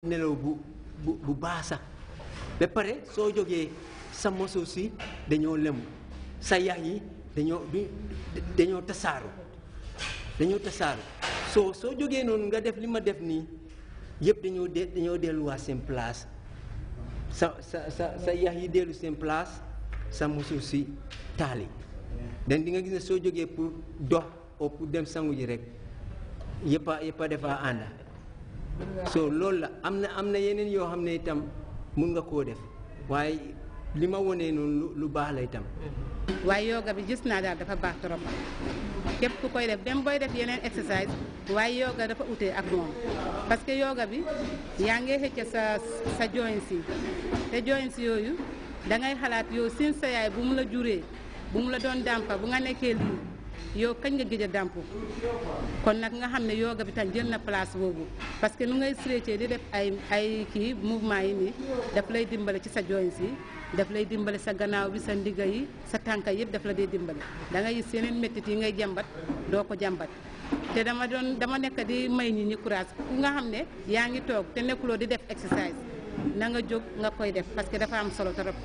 nelaw bu bu bu be pare so joge sa moso si dañoo lëm sa yax yi dañoo du dañoo tasaaru dañoo tasaaru so soo jógee nga def lima def ni yeb dañoo de dañoo wa seen place sa sa sa sa yi dellu place sa moso si dan di nga gis so joge pour dox pour dem sangu ji rek yepa yepa defa anda so loolu la am na am na yeneen yoo xam ne itam mun nga koo def waaye li ma wonee noonu lu baax lay itam waaye yoga bi gis naa daal dafa baax trop képp ku koy def même booy def yeneen exercice waaye yoga dafa utee ak moom parce que yoga bi yaa ngi xëcca sa sa joints yi te joints yooyu da ngay xalaat yow sin sa yaay bu mu la juree bu mu la doon dàmpa bu nga nekkee lii yow kañ nga gëj a dàmpu kon nag nga xam ne yoga bi tam jël na place boobu parce que nu ngay stretché di def ay ay kii mouvement yi nii daf lay dimbale ci sa joints yi daf lay dimbale sa gannaaw bi sa ndigga yi sa tànka yëpp daf la dee dimbale da ngay gis yeneen méttit yi ngay jàmbat doo ko jàmbat te dama doon dama nekk di may ñi ñi courage ku nga xam ne yaa ngi toog te nekkuloo di def exercice na nga jóg nga koy def parce que dafa am solo trop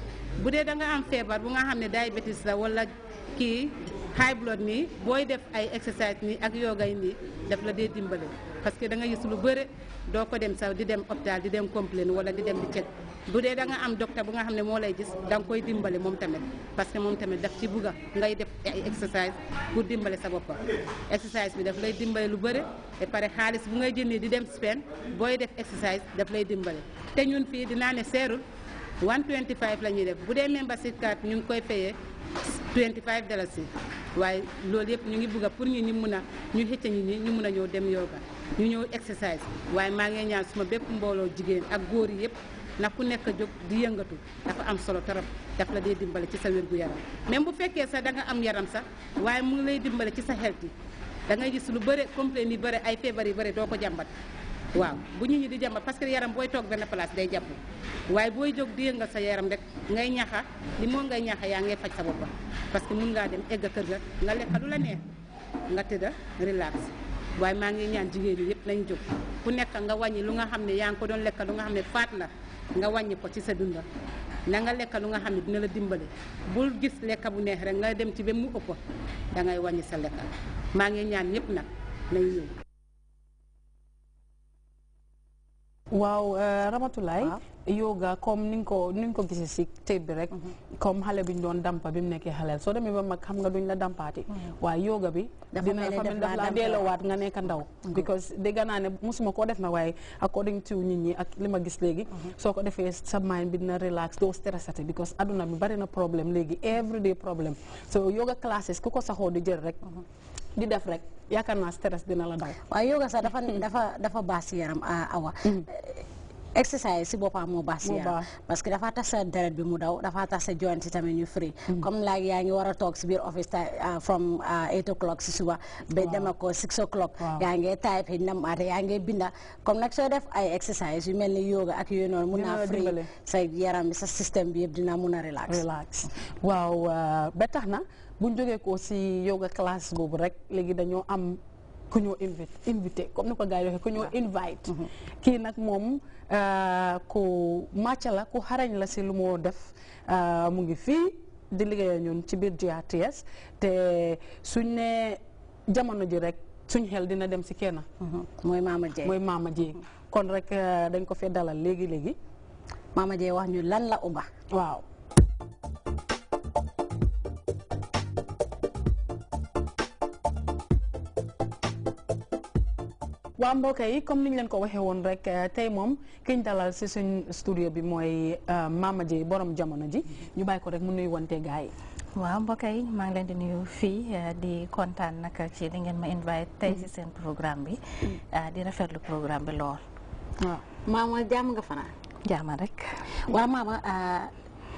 bu dee da nga high blood ni boy def ay exercice ni ak yoga ni daf la dee dimbalé parce que da nga yiss lu bëre doo ko dem sa di dem hôpital di dem complain wala di dem di check budé da nga am docteur bu nga xamné mo lay gis dang koy dimbalé mom tamit parce que mom tamit daf ci bugga ngay def ay exercise pour dimbalé sa bop exercise bi daf lay dimbalé lu bëre et pare xaliss bu ngay jëndee di dem Spain boy def exercise daf lay dimbalé té ñun fi dinaa ne sérul 125 lañuy def budé membership card ñu koy payee 25 dollars waaye loolu yëpp ñu ngi bëgg a pour ñu ñu mun a ñu xëcc ñi ñu mun a ñëw dem yoga ñu ñëw exercise waaye maa ngi ñaan suma bépp mbooloo jigéen ak góor yi yëpp ndax ku nekk jóg di yëngatu dafa am solo torop daf la dee dimbale ci sa gu yaram même bu fekkee sax da nga am yaram sax waaye mu ngi lay dimbale ci sa xel da ngay gis lu bëre complain ni bëre ay feebar yi bëre doo ko jàmbat waaw bu ñu ñi di jàmbat parce que yaram booy toog benn place day jàpp waaye booy jóg di yëngal sa yaram rek ngay ñaxa li moo ngay ñaxa yaa ngay faj sa bopp parce que mun ngaa dem egg kër ga nga lekka lu la neex nga tëdda relax waaye maa ngi ñaan jigéen ñi yëpp nañ jóg ku nekk nga wàññi lu nga xam ne yaa ngi ko doon lekka lu nga xam ne faat la nga wàññi ko ci sa dunda na nga lekka lu nga xam ne dina la dimbale bul gis lekka bu neex rek nga dem ci ba mu ëpp da ngay wàññi sa lekka maa ngi ñaan ñëpp nag nañ waaw euh, Ramatulaay yoga comme ni nga ko ni nga ko gisee si tëj bi rek mhm. comme xale bi ñu doon dampa bi mu nekkee xaleel soo demee ba mag xam nga duñ la dampaati mhm. waaye yoga bi dina fa mel daf laa waat nga nekk ndaw mhm. because dégg naa ne musuma koo def na waaye according to nit ñi ak li ma gis léegi soo ko defee sa mind bi dina relax doo stressati because aduna bi bari na problème léegi everyday problème so yoga classes ku ko saxoo di jël rek di def rek yaakaar naa stress dina la daw. waaye yoga sax dafa dafa dafa baax si yaram awa. Mm-hmm. Eh, exercise si boppam moo baax si yaram que dafa tax sa deret bi mu daw dafa tax sa joint si tamit ñu free mm-hmm. comme laagi yaa ngi war a toog si biir office from eight o'clock si suba ba dema ko six o'clock yaa ngi type yi nam aate yaa ngi binda comme nag soo def ay exercise yu mel ni yoga ak yooyu noonu mun naa free sa yaram bi sa système bi yëpp dina mun a relax waaw ba bu ñu ko si yoga classe boobu rek léegi dañoo am ku ñoo invité invité comme ni ko gars yi waxee ku ñoo invite. Mm-hmm. kii nag moom euh, ku màcc la ku xarañ la si lu moo def euh, mu ngi fii di liggéeya ñun ci biir GRTS te suñ ne jamono ji rek suñ xel dina dem si kenn. Mm-hmm. mooy Mama Dieng mooy Mama Dieng mm-hmm. kon rek euh, dañ ko feddalal léegi léegi. Mama Dieng wax ñu lan la uba waaw. waa mbokk yi comme ni ñu leen ko waxee woon rek eh, tey moom kiñ dalal si suñ studio bi mooy eh, Mama J borom jamono ji ñu bàyyi ko rek mu nuy wante gars yi. waaw mbokk yi maa ngi leen di nuyu fii eh, di kontaan nag ci di ngeen ma invite tey ci mm-hmm. seen programme bi mm-hmm. di rafetlu programme bi lool. waaw maama jàmm nga fanaan. jàmm rek. waaw maama.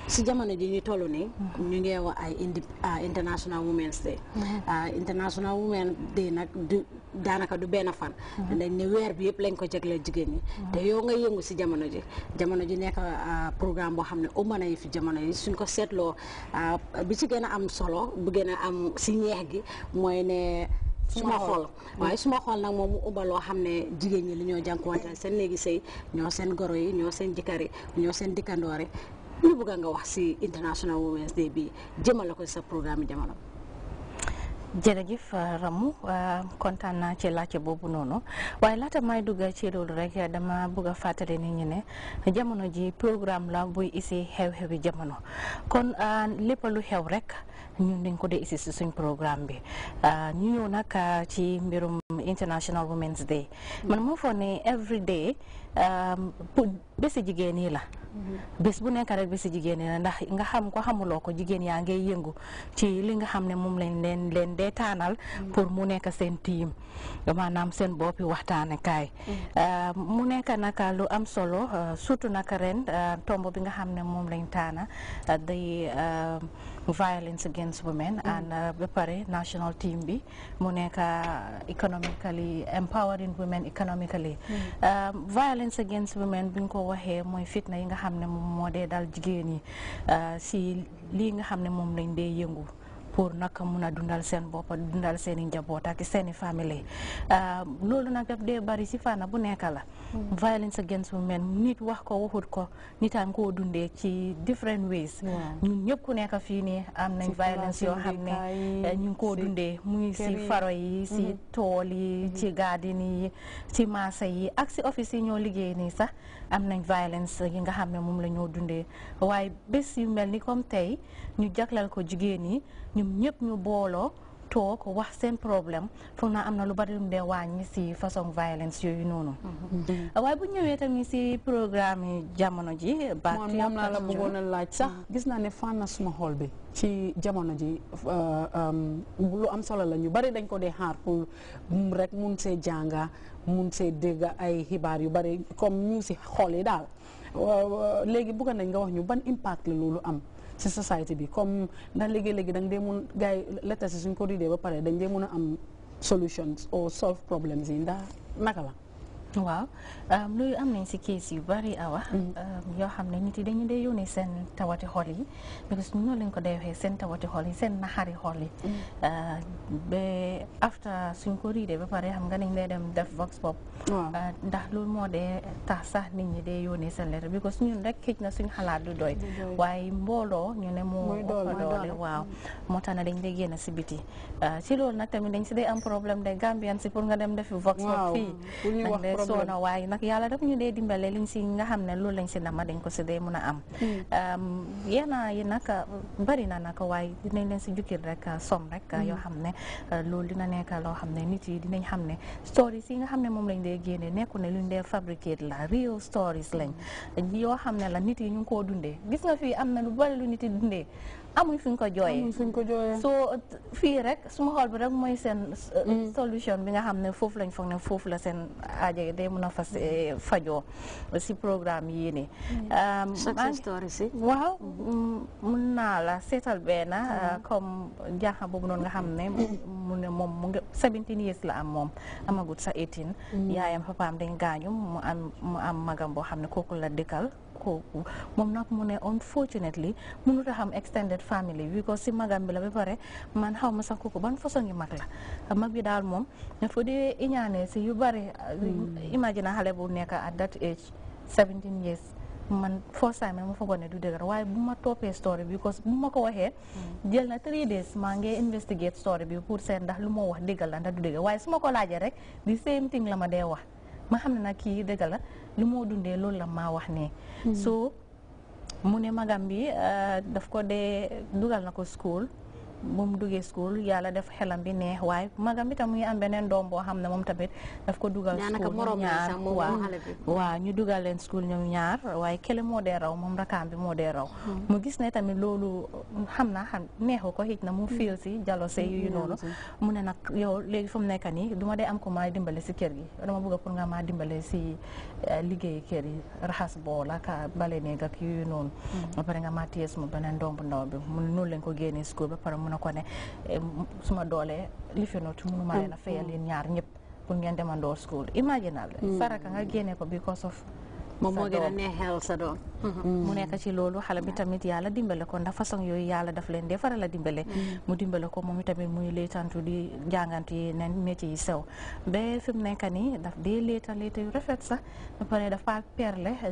si jamono ji ñu toll nii. ñu ngi wax ay indi ah, international women's day. Mm-hmm. Ah, international women day nag du daanaka du benn fan. Mm-hmm. dañ ni weer bi yëpp lañ ko jagleel jigéen ñi. Mm-hmm. te yow nga yëngu si jamono ji jamono ji nekk ah, programme boo xam ne umana yi fi jamono yi suñ ko seetloo bi ci gën a am solo bu a am si ñeex gi mooy ne. suma waaye suma xool nag moom mu loo xam ne jigéen ñi li ñoo jànkuwante seen néegi sëy ñoo seen goro yi ñoo seen jëkkër yi ñoo seen dikkandoor yi ɓuri bugalnga wax si international womens day bi jëmala ko sa programme jamano jërëjëf euh, ramu euh, kontant naa ci laajte boobu noonu waaye laata may dugga ci loolu rek dama bugg a fàttali nit ñi ne jamono ji programme la buy isi xew-xewi jamono kon euh, lépp lu xew rek ñun dañ ko dee isi si suñ programme bi ñu ñëw nag ci mbirum international women's day mm. man moo foo ne every day Ehm, bési jigéen yi la bés bu nekk rek bési jigéen yi la ndax nga xam ko xamuloo ko jigéen yaa ngay yëngu ci li nga xam ne moom lañ leen leen dee taanal pour mu nekk seen tiim maanaam seen boppi waxtaane kaay ehm, mu nekk nag lu am solo surtout nag ren tomb bi nga xam ne moom lañ taana day violence against women mm. and uh, ba pare national team bi mu nekk uh, economically empowering women economically mm. um, violence against women bi ñu ko waxee mooy fitna yi nga xam ne moom moo dee dal jigéen yi uh, si lii nga xam ne moom lañ dee yëngu pour naka mun a dundal seen bopp dundal seen i njaboot ak seen i famille euh, loolu nag daf dee bari si fànn bu nekk la. Mm. violence against women nit wax ko waxut ko nitaan koo dundee ci different ways. ñun ñëpp ku nekk fii nii am nañ violence yoo xam ne eh, ñu koo dundee muy si faro yi si mm-hmm. tool yi mm-hmm. ci garden yi ci marché yi ak si office yi ñoo liggéey nii sax am nañ violence yi nga xam ne moom la ñoo dundee waaye bés yu mel ni comme tey ñu jaglal ko jigéen ñu ñun ñu booloo toog wax seen problème foog naa am na lu bari lu mu dee wàññi si façon violence yooyu noonu. Mm-hmm. waaye bu ñëwee tamit si programme yi jamono ji. baat moom laa la bëggoon laaj sax mm-hmm. gis naa ne fànn na suma bi. ci jamono ji uh, um, lu am solo la ñu bari dañ ko dee xaar pour rek mun see jànga mun see dégg ay xibaar yu bari comme ñu si xol yi daal uh, uh, léegi bëgg nañ nga wax ñu ban impact la loolu am. ci société bi comme ndax léegi-léegi da nga dee mun gars yi lettres yi suñ ko ba pare dañ dee mun a am solutions or solve problems si ndax naka la waaw loolu am nañ si case yu bari awa mm. yoo xam ne nit yi dañu dee yónnee seen tawati xol yi parce que noonu lañ ko dee waxee seen tawati xol yi seen naxari xol yi mm. ah, ba after suñ ko riidee ba pare xam nga nañ lay dem def vox pop ah, ndax loolu moo dee tax sax nit ñi dee yónnee seen leer bi parce que rek xëj na suñ xalaat du doy waaye mbooloo ñu ne moo ëpp doole waaw mm. moo tax na dañ dee génn si biti ah, ci loolu nag tamit dañ si dee am problème de Gambian si pour nga dem defi vox pop fii sonn waaye nag yàlla daf ñu dee dimbalee liñ si nga xam ne lool lañ si nama dañ ko si dee mun a am yenn yi nag bari na nag waaye dinañ leen si jukkil rek som rek yoo xam ne loolu dina nekk loo xam ne nit yi dinañ xam ne stories yi nga xam ne moom lañ dee génne nekku ne luñ dee fabricate la real stories lañ hmm. yoo xam ne la nit yi ñu koo dundee gis nga fii am na lu bari lu nit yi dundee amuñ fuñ ko jooyee amuñ ko jooyee soo fii rek suma xool bi rek mooy seen mm. euh, solution bi nga xam ne foofu lañ foog ne foofu la seen aajo day mën a fas euh, fajoo si programme yii ni mm. euh, success story si waaw mm-hmm. mm, mun naa la seetal benn mm-hmm. comme jaaxam boobu noonu nga xam ne mun ne moom mu ngi seventeen years la am moom amagut sa eighteen yaayam papaam dañ gaañu mu am mu am magam boo xam ne kooku la dëkkal kooku moom nag mu ne unfortunately mënut a xam extended family because si magam bi la ba pare man xaw ma sax kooku ban façon yu mag la mag bi daal moom dafa dee iñaane si yu bari hmm. imagine xale bu nekk at that age 17 years man first time ma foogoon ne du dëgg waaye bu ma toppee story bi because bu ma ko waxee hmm. jël na three days maa ngi investigate story bi pour seet ndax lu ma wax dëgg la ndax du dëgg waaye su ma ko laajee rek the ma xam ne nag kii dëgg la lu moo dundee loolu la maa wax ne hmm. so mu ne magam bi euh, daf ko dee dugal na ko school bu mu duggee school yàlla def xelam bi neex waaye magam bi tam mu ngi am beneen doom boo xam ne moom tamit daf ko dugal school ñaar waaw ñu dugal leen school ñoom ñaar waaye kele moo dee raw moom rakaam bi moo dee raw hmm. mu gis ne tamit loolu xam naa xam neexu ko xëj na mu fiil si jalose hmm. yu noonu hmm. mu ne nag yow léegi fu mu nekk nii duma ma dee am ko maa dimbale si kër gi dama bëgg pour nga maa dimbale si eh, liggéey kër yi raxas bool ak ah, bale néeg ak yooyu noonu ba pare nga maa téye suma beneen mun a ko ne eh, suma doole li fi noonu munuma leen a fayal mm-hmm. yéen ñaar ñëpp pour ngeen demandoo school imaginable saraka mm-hmm. nga génne ko because of moom moo gën a neexal sa doom mm-hmm. mu nekk ci loolu xale bi tamit yàlla dimbale ko ndax façon yooyu yàlla daf leen dee faral a dimbale mu dimbale ko moom itamit muy leetantu di jàngantu yi nen métier yi sew ba fi mu nekk nii daf dee leeta leeta yu rafet sax ba pare dafa